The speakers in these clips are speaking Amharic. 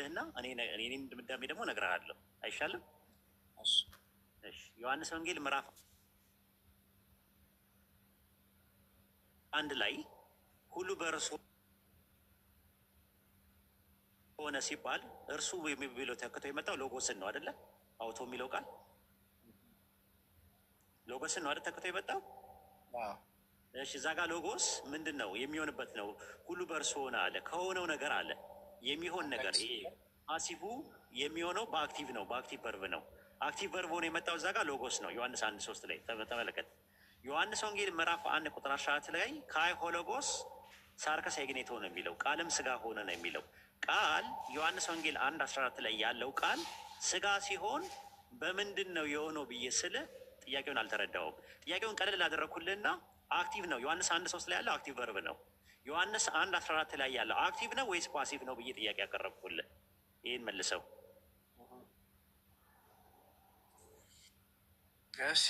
ልልህና እኔ ድምዳሜ ደግሞ እነግርሃለሁ። አይሻልም? ዮሐንስ ወንጌል ምዕራፍ አንድ ላይ ሁሉ በእርሱ ሆነ ሲባል እርሱ የሚለው ተክቶ የመጣው ሎጎስን ነው አደለ? አውቶ የሚለው ቃል ሎጎስን ነው አደለ? ተክቶ የመጣው እሺ፣ እዛ ጋር ሎጎስ ምንድን ነው የሚሆንበት ነው። ሁሉ በእርሱ ሆነ አለ፣ ከሆነው ነገር አለ የሚሆን ነገር ይሄ ፓሲቡ የሚሆነው በአክቲቭ ነው፣ በአክቲቭ ቨርብ ነው። አክቲቭ ቨርብ ሆኖ የመጣው እዛ ጋር ሎጎስ ነው። ዮሐንስ አንድ ሶስት ላይ ተመለከት። ዮሐንስ ወንጌል ምዕራፍ አንድ ቁጥር አሻት ላይ ካይ ሆሎጎስ ሳርከስ ሄግኔቶ ነው የሚለው ቃልም ስጋ ሆነ ነው የሚለው ቃል ዮሐንስ ወንጌል አንድ አስራ አራት ላይ ያለው ቃል ስጋ ሲሆን በምንድን ነው የሆነው ብዬ ስል ጥያቄውን አልተረዳውም። ጥያቄውን ቀለል ላደረግኩልና አክቲቭ ነው። ዮሐንስ አንድ ሶስት ላይ ያለው አክቲቭ ቨርብ ነው። ዮሐንስ አንድ አስራ አራት ላይ ያለው አክቲቭ ነው ወይስ ፓሲቭ ነው ብዬ ጥያቄ ያቀረብኩልህ፣ ይህን መልሰው። እሺ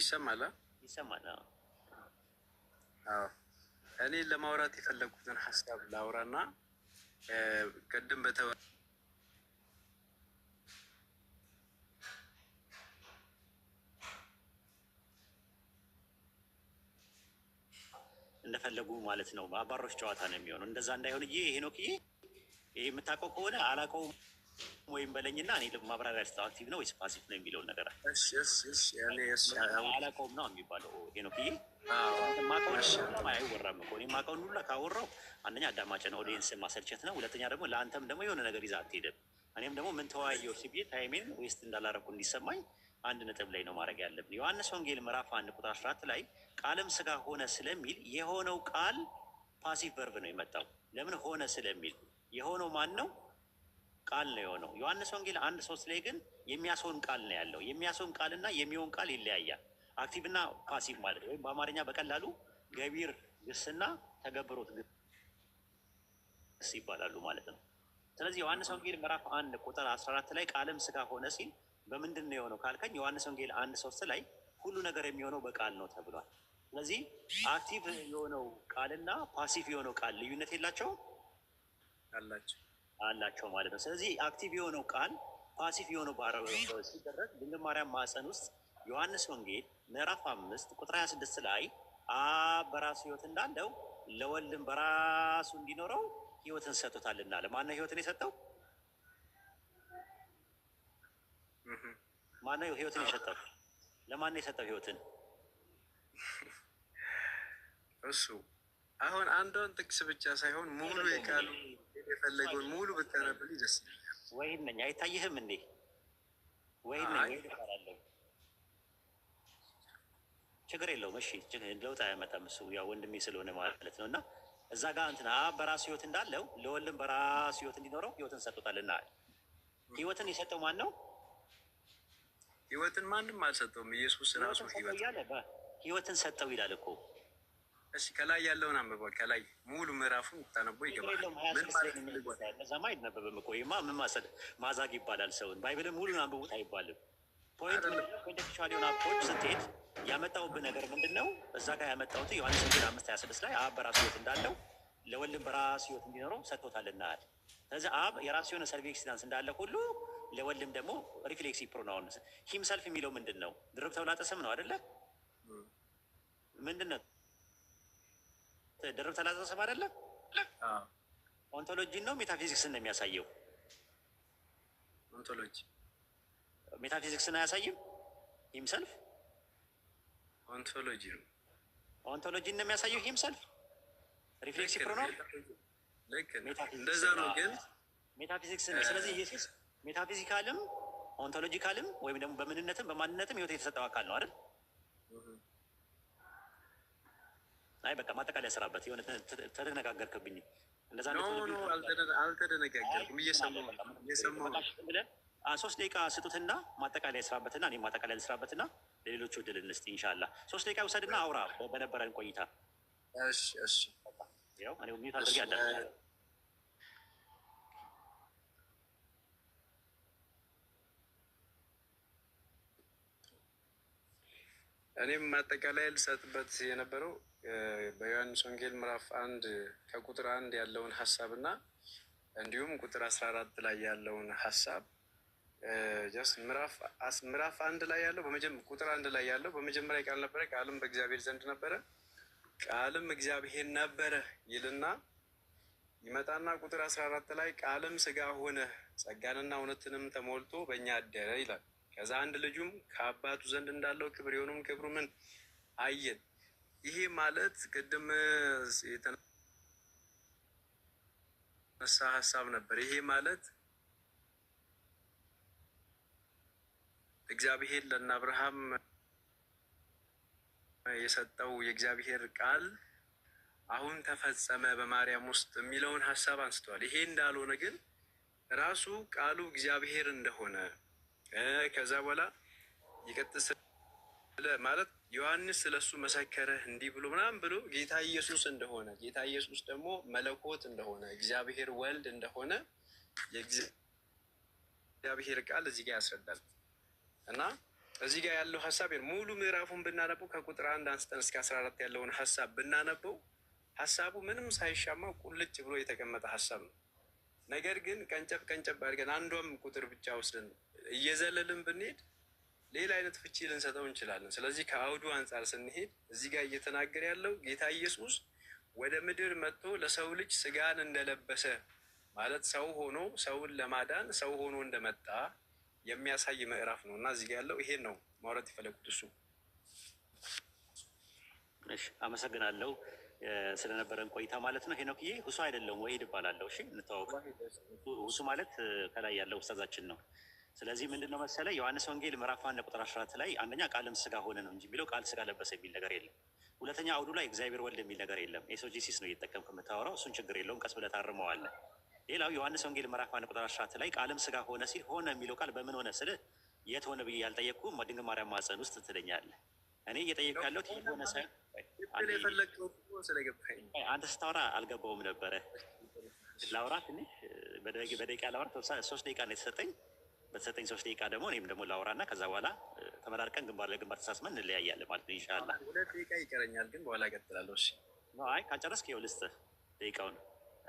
ይሰማል ይሰማል። እኔ ለማውራት የፈለጉትን ሀሳብ ላውራና ቅድም በተወ እንደፈለጉ ማለት ነው። አባሮች ጨዋታ ነው የሚሆነው። እንደዛ እንዳይሆን ይ እዬ ነው ይህ የምታውቀው ከሆነ አላውቀውም ወይም በለኝና እኔ ደግሞ ማብራሪያ ስጠው። አክቲቭ ነው ወይስ ፓሲቭ ነው የሚለውን ነገር አላውቀውም ነው የሚባለው። ሄኖክዬ ማቀውን አይወራም እኮ እኔ ማቀውን ሁሉ ካወራው አንደኛ አዳማጭ ነው፣ ኦዲየንስ ማሰልቸት ነው። ሁለተኛ ደግሞ ለአንተም ደግሞ የሆነ ነገር ይዛ አትሄደም። እኔም ደግሞ ምን ተወያየው ሲብዬ ታይሜን ዌስት እንዳላረኩ እንዲሰማኝ አንድ ነጥብ ላይ ነው ማድረግ ያለብን። ዮሐንስ ወንጌል ምዕራፍ አንድ ቁጥር 14 ላይ ቃልም ስጋ ሆነ ስለሚል የሆነው ቃል ፓሲቭ ቨርብ ነው የመጣው። ለምን ሆነ ስለሚል የሆነው ማን ነው? ቃል ነው የሆነው። ዮሐንስ ወንጌል አንድ ሶስት ላይ ግን የሚያስሆን ቃል ነው ያለው። የሚያስሆን ቃልና የሚሆን ቃል ይለያያል። አክቲቭ እና ፓሲቭ ማለት ወይም በአማርኛ በቀላሉ ገቢር ግስና ተገብሮት ግስ ይባላሉ ማለት ነው። ስለዚህ ዮሐንስ ወንጌል ምዕራፍ አንድ ቁጥር 14 ላይ ቃልም ስጋ ሆነ ሲል በምንድን ነው የሆነው ካልከኝ ዮሐንስ ወንጌል አንድ ሶስት ላይ ሁሉ ነገር የሚሆነው በቃል ነው ተብሏል። ስለዚህ አክቲቭ የሆነው ቃልና ፓሲቭ የሆነው ቃል ልዩነት የላቸው አላቸው አላቸው ማለት ነው። ስለዚህ አክቲቭ የሆነው ቃል ፓሲቭ የሆነው ሲደረግ ድንግል ማርያም ማህፀን ውስጥ ዮሐንስ ወንጌል ምዕራፍ አምስት ቁጥር ሀያ ስድስት ላይ አብ በራሱ ህይወት እንዳለው ለወልድም በራሱ እንዲኖረው ህይወትን ሰጥቶታልና ለማን ነው ህይወትን የሰጠው? ማነው ህይወትን የሰጠው? ለማን የሰጠው ህይወትን? እሱ አሁን አንዷን ጥቅስ ብቻ ሳይሆን ሙሉ የቃሉ የፈለገውን ሙሉ ብታነብልኝ ይደስ ወይን ነኝ አይታይህም እንዴ? ወይን ነኝ ይባላለሁ። ችግር የለውም። እሺ ለውጥ አያመጣም። እሱ ያው ወንድሜ ስለሆነ ማለት ነው። እና እዛ ጋር እንትን አብ በራሱ ህይወት እንዳለው ለወልም በራሱ ህይወት እንዲኖረው ህይወትን ሰጥቶታልና ህይወትን የሰጠው ማን ነው? ህይወትን ማንም አልሰጠውም። ኢየሱስ ራሱ ህይወትን ሰጠው ይላል እኮ። እሺ ከላይ ያለውን አንብቧል። ከላይ ሙሉ ምዕራፉን ታነቦ ይገባል። ከዛማ አይነበብም እኮ ይማ ምን ማዛግ ይባላል። ሰውን ባይብልም ሙሉን አንብቡት አይባልም። ፖይንት ኮንቴክቹዋል የሆነ አፕሮች ስትሄድ ያመጣውብህ ነገር ምንድን ነው? እዛ ጋር ያመጣውት ዮሐንስ ወንጌል አምስት ሀያ ስድስት ላይ አብ በራሱ ህይወት እንዳለው ለወልድም በራሱ ህይወት እንዲኖረው ሰጥቶታል እናል። ስለዚህ አብ የራሱ የሆነ ሰርቪክስ ዳንስ እንዳለ ሁሉ ለወልም ደግሞ ሪፍሌክሲቭ ፕሮናውን ሂምሰልፍ የሚለው ምንድን ነው? ድርብ ተውላጠ ስም ነው አደለ? ምንድን ነው ድርብ ተውላጠ ስም አደለ? ኦንቶሎጂን ነው ሜታፊዚክስን ነው የሚያሳየው? ኦንቶሎጂ ሜታፊዚክስን አያሳይም? ሂምሰልፍ ኦንቶሎጂ ነው ኦንቶሎጂን ነው የሚያሳየው ሂምሰልፍ ሪፍሌክሲቭ ፕሮናውን ልክ እንደዛ ነው ግን ሜታፊዚክስ ነው። ስለዚህ ኢየሱስ ሜታፊዚካልም ኦንቶሎጂካልም ወይም ደግሞ በምንነትም በማንነትም ህይወት የተሰጠው አካል ነው አይደል? አይ በቃ ማጠቃለያ ስራበት። የሆነ ተደነጋገርክብኝ። እንደዛ አልተደነጋገርኩም። ሶስት ደቂቃ ስጡትና ማጠቃለያ ስራበትና እኔ ማጠቃለያ ልስራበትና ለሌሎቹ እድል እንስጥ። እንሻላ ሶስት ደቂቃ ውሰድና አውራ በነበረን ቆይታ። እሺ እሺ ያው እኔ ሚዩት አድርጌ እኔም ማጠቃላይ ልሰጥበት የነበረው በዮሐንስ ወንጌል ምዕራፍ አንድ ከቁጥር አንድ ያለውን ሀሳብ እና እንዲሁም ቁጥር አስራ አራት ላይ ያለውን ሀሳብ ምዕራፍ አንድ ላይ ያለው ቁጥር አንድ ላይ ያለው በመጀመሪያ ቃል ነበረ፣ ቃልም በእግዚአብሔር ዘንድ ነበረ፣ ቃልም እግዚአብሔር ነበረ ይልና ይመጣና ቁጥር አስራ አራት ላይ ቃልም ስጋ ሆነ ጸጋንና እውነትንም ተሞልቶ በእኛ አደረ ይላል። ከዛ አንድ ልጁም ከአባቱ ዘንድ እንዳለው ክብር የሆኑም ክብሩ ምን አየን። ይሄ ማለት ቅድም የተነሳ ሀሳብ ነበር። ይሄ ማለት እግዚአብሔር ለእነ አብርሃም የሰጠው የእግዚአብሔር ቃል አሁን ተፈጸመ በማርያም ውስጥ የሚለውን ሀሳብ አንስተዋል። ይሄ እንዳልሆነ ግን ራሱ ቃሉ እግዚአብሔር እንደሆነ ከዛ በኋላ ይቀጥስ ማለት ዮሐንስ ስለ እሱ መሰከረ እንዲህ ብሎ ምናምን ብሎ ጌታ ኢየሱስ እንደሆነ ጌታ ኢየሱስ ደግሞ መለኮት እንደሆነ እግዚአብሔር ወልድ እንደሆነ የእግዚአብሔር ቃል እዚህ ጋር ያስረዳል እና እዚህ ጋር ያለው ሀሳብ ሙሉ ምዕራፉን ብናነበው ከቁጥር አንድ አንስተን እስከ አስራ አራት ያለውን ሀሳብ ብናነበው ሀሳቡ ምንም ሳይሻማ ቁልጭ ብሎ የተቀመጠ ሀሳብ ነው። ነገር ግን ቀንጨብ ቀንጨብ አድርገን አንዷም ቁጥር ብቻ ወስደን ነው እየዘለልን ብንሄድ ሌላ አይነት ፍቺ ልንሰጠው እንችላለን። ስለዚህ ከአውዱ አንጻር ስንሄድ እዚህ ጋር እየተናገረ ያለው ጌታ ኢየሱስ ወደ ምድር መጥቶ ለሰው ልጅ ስጋን እንደለበሰ ማለት ሰው ሆኖ ሰውን ለማዳን ሰው ሆኖ እንደመጣ የሚያሳይ ምዕራፍ ነው እና እዚህ ጋር ያለው ይሄን ነው ማውራት የፈለጉት እሱ። እሺ አመሰግናለሁ ስለነበረን ቆይታ ማለት ነው። ሄኖክዬ ሁሱ አይደለም ወሂድ እባላለሁ። እሺ እንተዋወቅ። ሁሱ ማለት ከላይ ያለው ውስታዛችን ነው። ስለዚህ ምንድን ነው መሰለ ዮሐንስ ወንጌል ምዕራፍ አንድ ቁጥር አስራ አራት ላይ አንደኛ ቃልም ስጋ ሆነ ነው እንጂ የሚለው ቃል ስጋ ለበሰ የሚል ነገር የለም። ሁለተኛ አውዱ ላይ እግዚአብሔር ወልድ የሚል ነገር የለም። ኤሶጂሲስ ነው እየተጠቀምክ የምታወራው። እሱን ችግር የለውም፣ ቀስ ብለህ ታርመዋለህ። ሌላው ዮሐንስ ወንጌል ምዕራፍ አንድ ቁጥር አስራ አራት ላይ ቃልም ስጋ ሆነ ሲል ሆነ የሚለው ቃል በምን ሆነ ስልህ የት ሆነ ብዬ ያልጠየቅኩም ድንግል ማርያም ማፀን ውስጥ ትለኛለህ። እኔ እየጠየቅ ያለሁት ሆነ ሳይሆን አንተ ስታወራ አልገባውም ነበረ። ላውራ ትንሽ በደቂቃ ላውራ ሶስት ደቂቃ ነው የተሰጠኝ በተሰጠኝ ሶስት ደቂቃ ደግሞ እኔም ደግሞ ላውራና ከዛ በኋላ ተመራርቀን ግንባር ለግንባር ተሳስመን እንለያያለን ማለት ነው። ኢንሻላህ ሁለት ደቂቃ ይቀረኛል፣ ግን በኋላ እቀጥላለሁ። እሺ ነው። አይ ካልጨረስክ ይኸው ልስጥህ ደቂቃውን።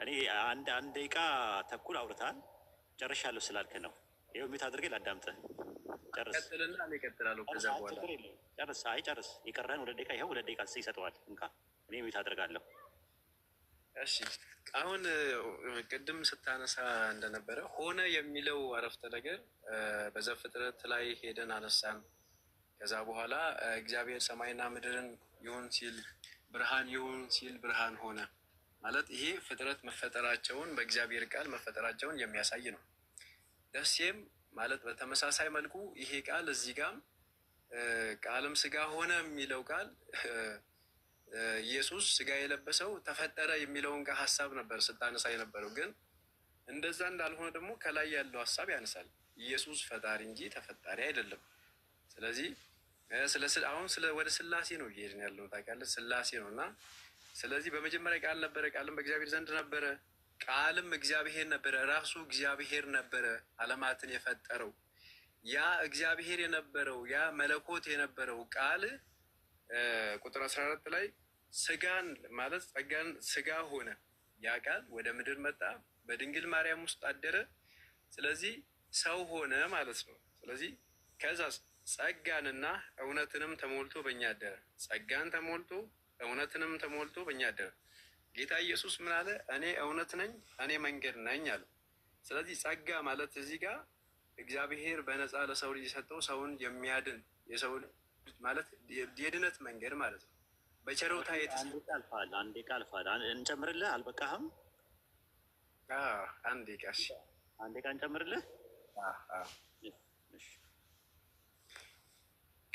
እኔ አንድ አንድ ደቂቃ ተኩል አውርተሃል ጨርሻለሁ ስላልክ ነው። ይኸው ሚት አድርገህ ላዳምጥህ። ጨርስ፣ ቀጥልና እኔ እቀጥላለሁ። ከዛ በኋላ ጨርስ። አይ ጨርስ፣ የቀረህን ሁለት ደቂቃ ይኸው ሁለት ደቂቃ ይሰጠዋል። እንካ እኔ ሚት አድርጋለሁ። እሺ አሁን ቅድም ስታነሳ እንደነበረ ሆነ የሚለው አረፍተ ነገር በዘፍጥረት ላይ ሄደን አነሳን። ከዛ በኋላ እግዚአብሔር ሰማይና ምድርን ይሁን ሲል ብርሃን ይሁን ሲል ብርሃን ሆነ ማለት ይሄ ፍጥረት መፈጠራቸውን በእግዚአብሔር ቃል መፈጠራቸውን የሚያሳይ ነው። ደሴም ማለት በተመሳሳይ መልኩ ይሄ ቃል እዚህ ጋም ቃልም ስጋ ሆነ የሚለው ቃል ኢየሱስ ስጋ የለበሰው ተፈጠረ የሚለውን ጋር ሀሳብ ነበር ስታነሳ የነበረው። ግን እንደዛ እንዳልሆነ ደግሞ ከላይ ያለው ሀሳብ ያነሳል። ኢየሱስ ፈጣሪ እንጂ ተፈጣሪ አይደለም። ስለዚህ አሁን ወደ ስላሴ ነው እየሄድን ያለው ታውቃለህ፣ ስላሴ ነው እና ስለዚህ በመጀመሪያ ቃል ነበረ፣ ቃልም በእግዚአብሔር ዘንድ ነበረ፣ ቃልም እግዚአብሔር ነበረ። ራሱ እግዚአብሔር ነበረ አለማትን የፈጠረው ያ እግዚአብሔር የነበረው ያ መለኮት የነበረው ቃል ቁጥር አስራ አራት ላይ ስጋን ማለት ጸጋን ስጋ ሆነ ያ ቃል ወደ ምድር መጣ፣ በድንግል ማርያም ውስጥ አደረ። ስለዚህ ሰው ሆነ ማለት ነው። ስለዚህ ከዛ ጸጋንና እውነትንም ተሞልቶ በእኛ አደረ። ጸጋን ተሞልቶ እውነትንም ተሞልቶ በእኛ አደረ። ጌታ ኢየሱስ ምን አለ? እኔ እውነት ነኝ፣ እኔ መንገድ ነኝ አለ። ስለዚህ ጸጋ ማለት እዚህ ጋር እግዚአብሔር በነፃ ለሰው ልጅ የሰጠው ሰውን የሚያድን የሰው ማለት የድነት መንገድ ማለት ነው። በቸሮታ የተሰልፋል። አንዴ ቃል ፋል እንጨምርልህ፣ አልበቃህም? አንዴ ቃ አንዴ ቃ እንጨምርልህ።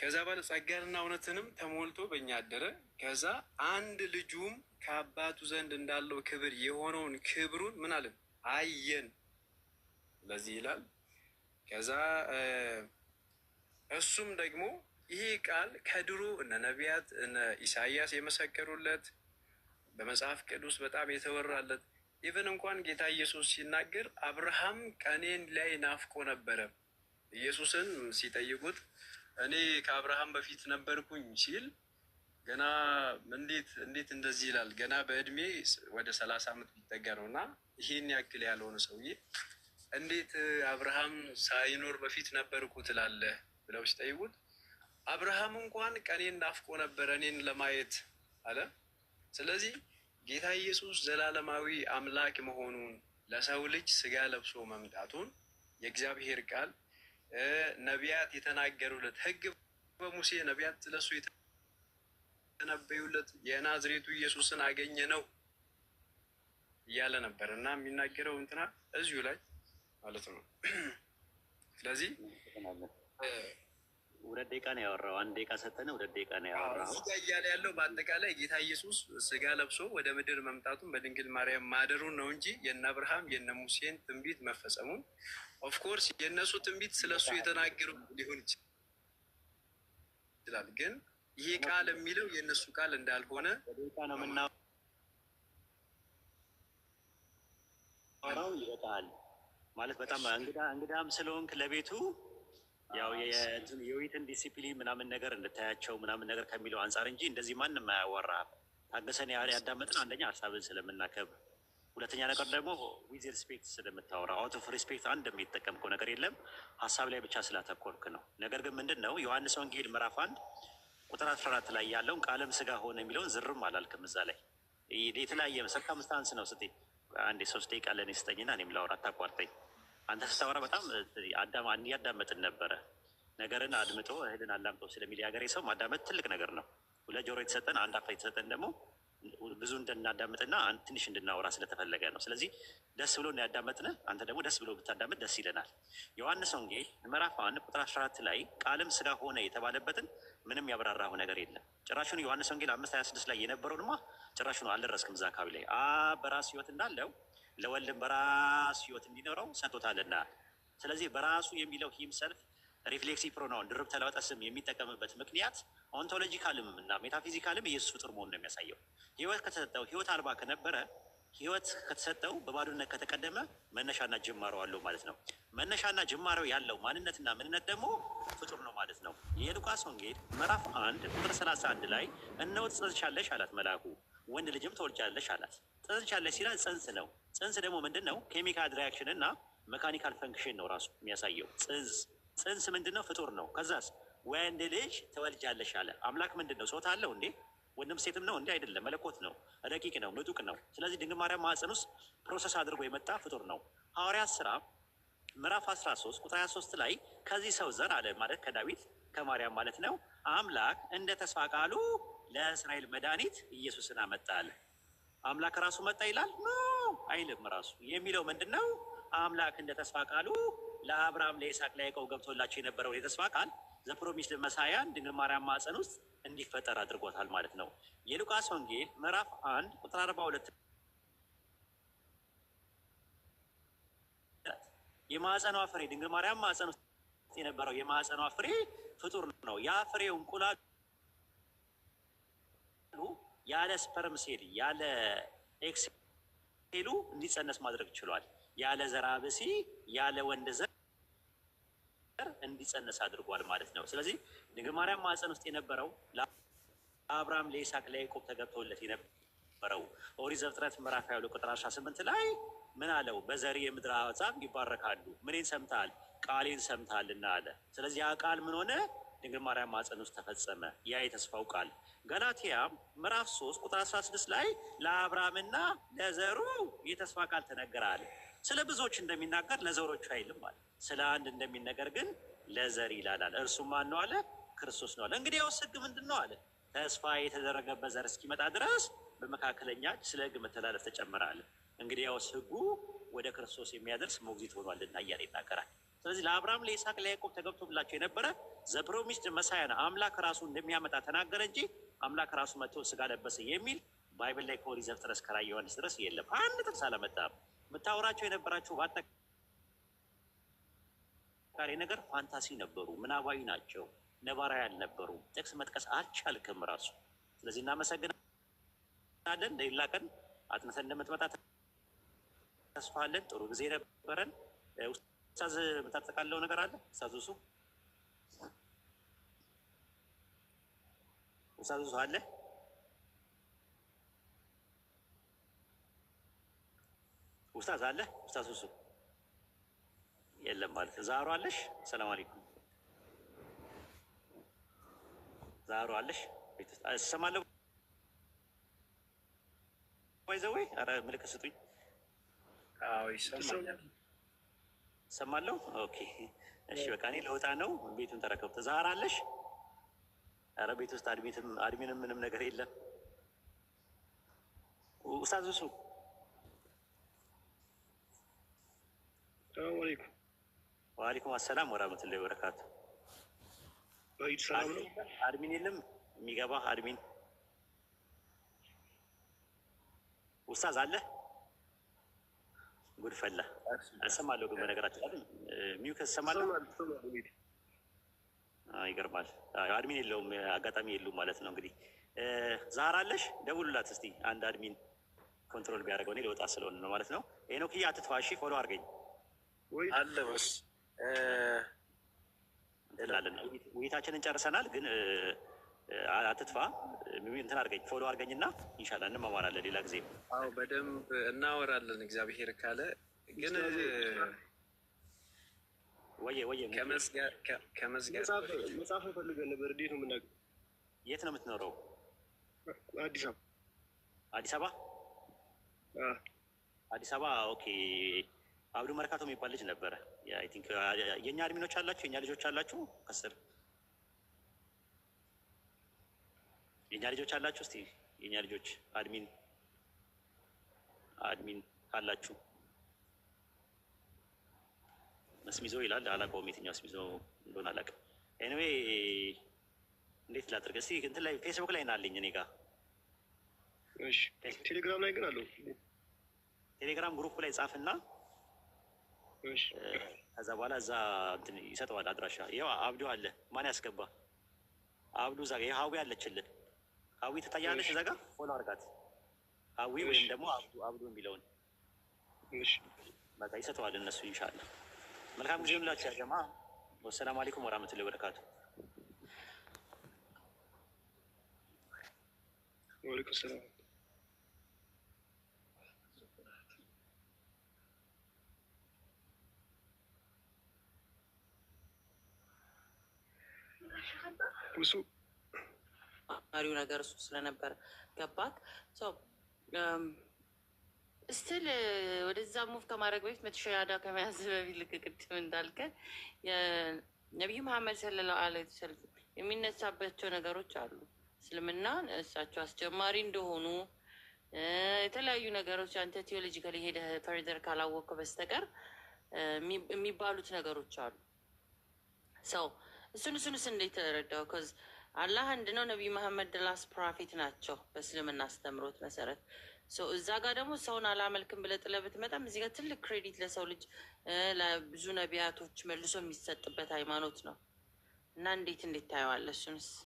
ከዛ ባለ ጸጋንና እውነትንም ተሞልቶ በእኛ አደረ። ከዛ አንድ ልጁም ከአባቱ ዘንድ እንዳለው ክብር የሆነውን ክብሩን ምን አለን አየን። ስለዚህ ይላል ከዛ እሱም ደግሞ ይሄ ቃል ከድሮ እነ ነቢያት እነ ኢሳያስ የመሰከሩለት በመጽሐፍ ቅዱስ በጣም የተወራለት ኢቨን እንኳን ጌታ ኢየሱስ ሲናገር አብርሃም ቀኔን ላይ ናፍቆ ነበረ። ኢየሱስን ሲጠይቁት እኔ ከአብርሃም በፊት ነበርኩኝ ሲል ገና እንዴት እንዴት እንደዚህ ይላል። ገና በእድሜ ወደ ሰላሳ ዓመት ቢጠጋ ነው እና ይህን ያክል ያልሆነ ሰውዬ እንዴት አብርሃም ሳይኖር በፊት ነበርኩ ትላለህ ብለው ሲጠይቁት አብርሃም እንኳን ቀኔን ናፍቆ ነበረ እኔን ለማየት አለ። ስለዚህ ጌታ ኢየሱስ ዘላለማዊ አምላክ መሆኑን ለሰው ልጅ ስጋ ለብሶ መምጣቱን የእግዚአብሔር ቃል ነቢያት የተናገሩለት ሕግ በሙሴ ነቢያት ስለሱ የተነበዩለት የናዝሬቱ ኢየሱስን አገኘ ነው እያለ ነበር እና የሚናገረው እንትና እዚሁ ላይ ማለት ነው። ስለዚህ ሁለት ደቂቃ ነው ያወራው። አንድ ደቂቃ ሰጠነ፣ ሁለት ደቂቃ ነው ያወራው። እዚጋ እያለ ያለው በአጠቃላይ ጌታ ኢየሱስ ስጋ ለብሶ ወደ ምድር መምጣቱን በድንግል ማርያም ማደሩን ነው እንጂ የነ አብርሃም የነ ሙሴን ትንቢት መፈጸሙን ኦፍኮርስ የእነሱ ትንቢት ስለሱ የተናገሩ ሊሆን ይችላል። ግን ይሄ ቃል የሚለው የእነሱ ቃል እንዳልሆነ ነው የምናወራው። ይበቃል ማለት በጣም እንግዳም ስለሆንክ ለቤቱ ያው የውይይትን ዲሲፕሊን ምናምን ነገር እንድታያቸው ምናምን ነገር ከሚለው አንጻር እንጂ እንደዚህ ማንም አያወራ። ታገሰን ያዳመጥን አንደኛ ሀሳብን ስለምናከብ፣ ሁለተኛ ነገር ደግሞ ዊዝ ሪስፔክት ስለምታወራ። አውት ኦፍ ሪስፔክት አንድ የሚጠቀምከው ነገር የለም ሀሳብ ላይ ብቻ ስላተኮርክ ነው። ነገር ግን ምንድን ነው ዮሐንስ ወንጌል ምዕራፍ አንድ ቁጥር አስራ አራት ላይ ያለውን ቃለም ስጋ ሆነ የሚለውን ዝርም አላልክም። እዛ ላይ የተለያየ ሰርከምስታንስ ነው። ስ አንዴ ሶስት ደቂቃ ለእኔ ስጠኝና እኔም ላወራ አታቋርጠኝ። አንተ ስታወራ በጣም እያዳመጥን ነበረ። ነገርን አድምጦ እህልን አላምጦ ስለሚል የሀገሬ ሰው ማዳመጥ ትልቅ ነገር ነው። ሁለት ጆሮ የተሰጠን አንድ አፍ የተሰጠን ደግሞ ብዙ እንድናዳምጥና ትንሽ እንድናወራ ስለተፈለገ ነው። ስለዚህ ደስ ብሎ እናያዳመጥን፣ አንተ ደግሞ ደስ ብሎ ብታዳምጥ ደስ ይለናል። ዮሐንስ ወንጌል ምዕራፍ አንድ ቁጥር አስራ አራት ላይ ቃልም ስጋ ሆነ የተባለበትን ምንም ያብራራሁ ነገር የለም። ጭራሹን ዮሐንስ ወንጌል አምስት ሀያ ስድስት ላይ የነበረውንማ ጭራሹን አልደረስክም። እዛ አካባቢ ላይ በራሱ ህይወት እንዳለው ለወልድም በራሱ ህይወት እንዲኖረው ሰጥቶታልና። ስለዚህ በራሱ የሚለው ሂም ሰልፍ ሪፍሌክሲ ፕሮናውን ድርብ ተለዋዋጭ ስም የሚጠቀምበት ምክንያት ኦንቶሎጂካልም እና ሜታፊዚካልም የኢየሱስ ፍጡር መሆኑ ነው የሚያሳየው። ህይወት ከተሰጠው ህይወት አልባ ከነበረ ህይወት ከተሰጠው በባዶነት ከተቀደመ መነሻና ጅማሮ አለው ማለት ነው። መነሻና ጅማሮ ያለው ማንነትና ምንነት ደግሞ ፍጡር ነው ማለት ነው። የሉቃስ ወንጌል ምዕራፍ አንድ ቁጥር ሰላሳ አንድ ላይ እነሆ ትጸንሻለሽ አላት መልአኩ፣ ወንድ ልጅም ትወልጃለሽ አላት። ትጸንሻለሽ ሲላል ጽንስ ነው ጽንስ ደግሞ ምንድን ነው? ኬሚካል ሪያክሽን እና መካኒካል ፈንክሽን ነው ራሱ የሚያሳየው። ጽንስ ጽንስ ምንድን ነው? ፍጡር ነው። ከዛስ ወንድ ልጅ ትወልጃለሽ አለ። አምላክ ምንድን ነው? ጾታ አለው እንዴ? ወንድም ሴትም ነው እንዴ? አይደለም። መለኮት ነው፣ ረቂቅ ነው፣ ምጡቅ ነው። ስለዚህ ድንግል ማርያም ማህፀን ውስጥ ፕሮሰስ አድርጎ የመጣ ፍጡር ነው። ሐዋርያት ስራ ምዕራፍ 13 ቁጥር 23 ላይ ከዚህ ሰው ዘር አለ ማለት ከዳዊት ከማርያም ማለት ነው አምላክ እንደ ተስፋ ቃሉ ለእስራኤል መድኃኒት ኢየሱስን አመጣ አምላክ ራሱ መጣ ይላል አይልም። ራሱ የሚለው ምንድን ነው? አምላክ እንደ ተስፋ ቃሉ ለአብርሃም ለይስሐቅ፣ ለያዕቆብ ገብቶላቸው የነበረው የተስፋ ቃል ዘፕሮሚስ መሳያን ድንግል ማርያም ማፀን ውስጥ እንዲፈጠር አድርጎታል ማለት ነው። የሉቃስ ወንጌል ምዕራፍ አንድ ቁጥር አርባ ሁለት የማፀኗ ፍሬ ድንግል ማርያም ማፀን ውስጥ የነበረው የማፀኗ ፍሬ ፍጡር ነው። ያ ፍሬው እንቁላሉ ያለ ስፐርም ሴል ያለ ኤክስ ሄሉ እንዲጸነስ ማድረግ ችሏል። ያለ ዘራብሲ ያለ ወንድ ዘር እንዲጸነስ አድርጓል ማለት ነው። ስለዚህ ድንግል ማርያም ማህፀን ውስጥ የነበረው ለአብርሃም ለይስሐቅ፣ ለያዕቆብ ተገብቶለት የነበረው ኦሪት ዘፍጥረት ምዕራፍ 22 ቁጥር ስምንት ላይ ምን አለው? በዘሪ የምድር አሕዛብ ይባረካሉ። ምንን ሰምተሃል? ቃሌን ሰምተሃልና አለ። ስለዚህ ያ ቃል ምን ሆነ? ድንግል ማርያም ማፀን ውስጥ ተፈጸመ። ያ የተስፋው ቃል ገላትያ ምዕራፍ 3 ቁጥር 16 ላይ ለአብርሃምና ለዘሩ የተስፋ ቃል ተነገረ አለ። ስለ ብዙዎች እንደሚናገር ለዘሮቹ አይልም አለ። ስለ አንድ እንደሚነገር ግን ለዘር ይላላል። እርሱ ማን ነው አለ? ክርስቶስ ነው አለ። እንግዲህ ያው ህግ ምንድን ነው አለ? ተስፋ የተደረገበት ዘር እስኪመጣ ድረስ በመካከለኛ ስለ ህግ መተላለፍ ተጨመረ እንግዲህ ያው ህጉ ወደ ክርስቶስ የሚያደርስ ሞግዚት ሆኗልና እያለ ይናገራል። ስለዚህ ለአብርሃም ለይስሐቅ ለያዕቆብ ተገብቶላቸው የነበረ ዘፕሮሚስድ ነው አምላክ ራሱ እንደሚያመጣ ተናገረ እንጂ አምላክ ራሱ መጥቶ ስጋ ለበሰ የሚል ባይብል ላይ ከኦሪት ዘፍጥረት ከራዕየ ዮሐንስ ድረስ የለም። አንድ ጥቅስ አላመጣም። የምታወራቸው የነበራቸው በአጠቃላይ ነገር ፋንታሲ ነበሩ፣ ምናባዊ ናቸው፣ ነባራዊ አልነበሩ። ጥቅስ መጥቀስ አልቻልክም ራሱ። ስለዚህ እናመሰግናለን። ለሌላ ቀን አጥንተን እንደምትመጣ ተስፋ አለን። ጥሩ ጊዜ ነበረን። ኡስታዝ የምታጠቃለው ነገር አለ? ኡስታዝ ሱ ኡስታዝ ሱ አለ? ኡስታዝ አለ? ኡስታዝ ሱ የለም ማለት ዛሩ አለሽ? ሰላም አለይኩም ዛሩ አለሽ? እሰማለሁ ወይ ዘወይ ኧረ ምልክት ስጡኝ። አዎ ይሰማኛል። ሰማለሁ። ኦኬ እሺ፣ በቃ እኔ ለውጣ ነው። ቤቱን ተረከብ። ተዛህር አለሽ? ኧረ ቤት ውስጥ አድሚትም አድሚንም ምንም ነገር የለም። ኡስታዝ ሱ ሰላም አለይኩም። ወአለይኩም አሰላም ወራህመቱላሂ ወበረካቱ። ሰላም ነው። አድሚን የለም የሚገባ አድሚን። ኡስታዝ አለ ጉድፈላ እሰማለሁ፣ ግን በነገራችን ላይ ሚውከስ እሰማለሁ። ይገርማል። አድሚን የለውም አጋጣሚ የሉም ማለት ነው። እንግዲህ ዛራለሽ አለሽ፣ ደውሉላት እስቲ አንድ አድሚን ኮንትሮል ቢያደርገው እኔ ልወጣ ስለሆነ ነው ማለት ነው። ኤኖክዬ አትጥፋ እሺ፣ ፎሎ አድርገኝ አለ ውይይታችንን ጨርሰናል ግን አትጥፋ እንትን አድርገኝ ፎሎ አድርገኝ እና ኢንሻላህ እንማማራለን። ሌላ ጊዜ አዎ በደንብ እናወራለን። እግዚአብሔር ካለ ግን ወየ ወየ ከመዝጋት መጽሐፍ ፈልገን ነበር። እንዴት ነው የምናገ የት ነው የምትኖረው? አዲስ አበባ አዲስ አበባ አዲስ አበባ። ኦኬ አብዱ መርካቶ የሚባል ልጅ ነበረ። የእኛ አድሚኖች አላችሁ የእኛ ልጆች አላችሁ ከስር የኛ ልጆች አላችሁ? እስቲ የኛ ልጆች አድሚን አድሚን ካላችሁ አስሚዞ ይላል። አላውቀውም የትኛው አስሚዞ እንደሆነ አላውቅም። ኤኒዌይ እንዴት ላድርግ? እስቲ እንትን ላይ ፌስቡክ ላይ እናለኝ እኔ ጋር ቴሌግራም ላይ ግን አለው። ቴሌግራም ግሩፕ ላይ ጻፍና ከዛ በኋላ እዛ እንትን ይሰጠዋል አድራሻ። ይኸው አብዱ አለ። ማን ያስገባ? አብዱ ዛ ሀዊ አለችልን አዊ ትታያለሽ። እዛ ጋ ፎሎ አርጋት። አዊ ወይም ደግሞ አብዱ አብዱ የሚለውን በቃ ይሰጠዋል እነሱ። ኢንሻአላህ መልካም ጊዜ ሁላችሁ ያጀማ። ወሰላም አለይኩም ወራህመቱላሂ ወበረካቱ። ወአለይኩም ሰላም ብዙ መሪው ነገር እሱ ስለነበር ገባት። ስትል um, uh, ወደዛ ሙቭ ከማድረግ በፊት መተሻዳ ከመያዝ በፊት ልክ ቅድም እንዳልከ ነቢዩ መሐመድ ሰለላሁ ዐለይሂ ወሰለም የሚነሳባቸው ነገሮች አሉ። እስልምና እሳቸው አስጀማሪ እንደሆኑ የተለያዩ ነገሮች አንተ ቴዎሎጂካሊ ሄደህ ፈርደር ካላወቅ በስተቀር የሚባሉት ነገሮች አሉ። ሰው እሱን እሱንስ እንዴት ተረዳው? አላህ አንድ ነው። ነቢይ መሐመድ ደላስ ፕሮፌት ናቸው በእስልምና አስተምሮት መሰረት። እዛ ጋር ደግሞ ሰውን አላመልክም ብለህ ጥለህ ብትመጣም እዚህ ጋር ትልቅ ክሬዲት ለሰው ልጅ ለብዙ ነቢያቶች መልሶ የሚሰጥበት ሃይማኖት ነው እና እንዴት እንዴት ታየዋለህ እሱንስ?